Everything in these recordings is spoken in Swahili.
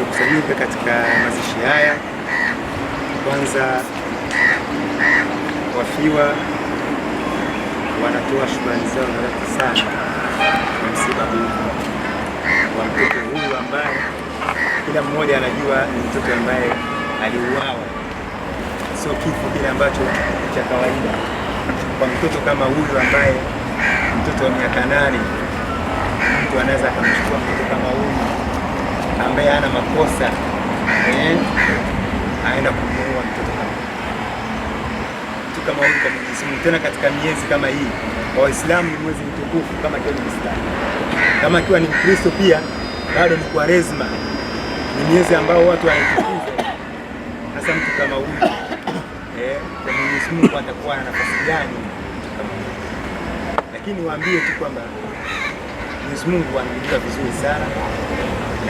nikusanyike katika mazishi haya. Kwanza wafiwa wanatoa shukrani zao na dhati sana kwa msiba huu wa mtoto huyu ambaye kila mmoja anajua ni mtoto ambaye aliuawa. Sio kifo kile ambacho cha kawaida kwa mtoto kama huyu ambaye mtoto wa miaka nane, mtu anaweza akamchukua mtoto kama huyu ambaye ana makosa eh, aenda kumuua mtoto kama mtu kama huyu kwa Mwenyezi Mungu, tena katika miezi kama hii. Kwa Waislamu ni mwezi mtukufu, kama akiwa ni kama akiwa ni Mkristo pia bado ni Kwaresma, ni miezi ambao watu wanatukuzwa. hasa mtu kama huyu eh, kwa Mwenyezi Mungu atakuwa na nafasi gani? Lakini waambie tu kwamba Mwenyezi Mungu anamjua vizuri sana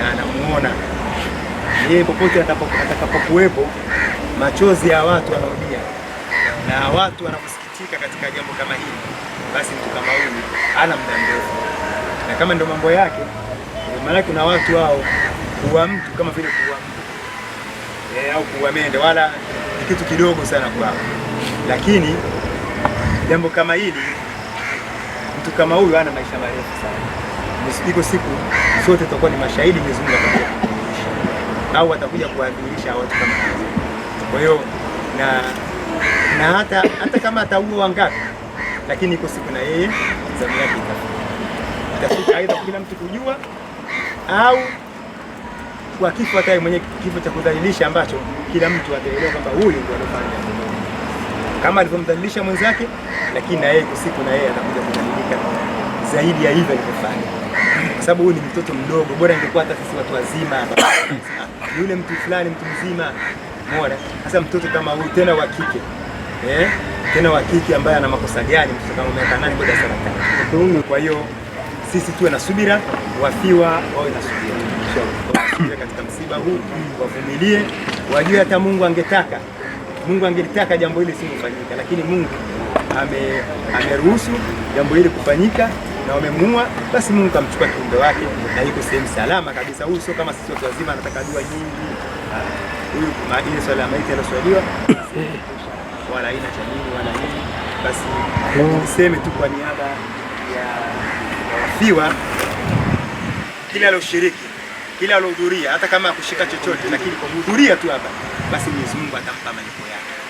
na anamuona yeye popote atakapokuwepo, machozi ya watu wanaolia na watu wanakusikitika katika jambo kama hili, basi mtu kama huyu ana muda mrefu, na kama ndo mambo yake, maana kuna watu wao kuwa mtu kama vile kuwa mtu e, au kuwa mende, wala ni kitu kidogo sana kwao, lakini jambo kama hili, mtu kama huyu ana maisha marefu sana iko siku sote tutakuwa ni mashahidi, Mwenyezi Mungu atakuja au watakuja kuwadhihirisha watu kama hizo. Kwa hiyo na na hata hata kama ataua wangapi, lakini iko siku na yeye zamu yake itafika, aidha kila mtu kujua au kwa kifo hata mwenye mwenyewe, kifo cha kudhalilisha ambacho kila mtu ataelewa kwamba huyu ndio alofanya kama alivyomdhalilisha mwenzake, lakini na yeye kusiku na yeye atakuja kudhalilika zaidi ya hivyo alivyofanya kwa sababu huyu ni mtoto mdogo, bora ingekuwa hata sisi watu wazima yule mtu fulani, mtu mzima. Umeona sasa mtoto kama huyu tena wa kike eh? tena wa kike ambaye ana makosa gani? Mtoto kama miaka nane kwa darasa Kwa hiyo sisi tuwe na subira, wafiwa wawe na subira katika msiba huu, wavumilie, wajue hata Mungu angetaka Mungu angelitaka jambo hili singefanyika, lakini Mungu ame ameruhusu jambo hili kufanyika na wamemuua, basi Mungu kamchukua kiumbe wake na yuko sehemu salama kabisa. Huyu sio kama sisi watu wazima, anataka dua nyingi. Ah, huyu ile swala ya maiti anaswaliwa wala aina cha nini wala nini. Basi niseme tu kwa niaba ya wafiwa, kila alioshiriki, kila alohudhuria, hata kama akushika chochote, lakini kwa kuhudhuria tu hapa, basi Mwenyezi Mungu atampa malipo yake.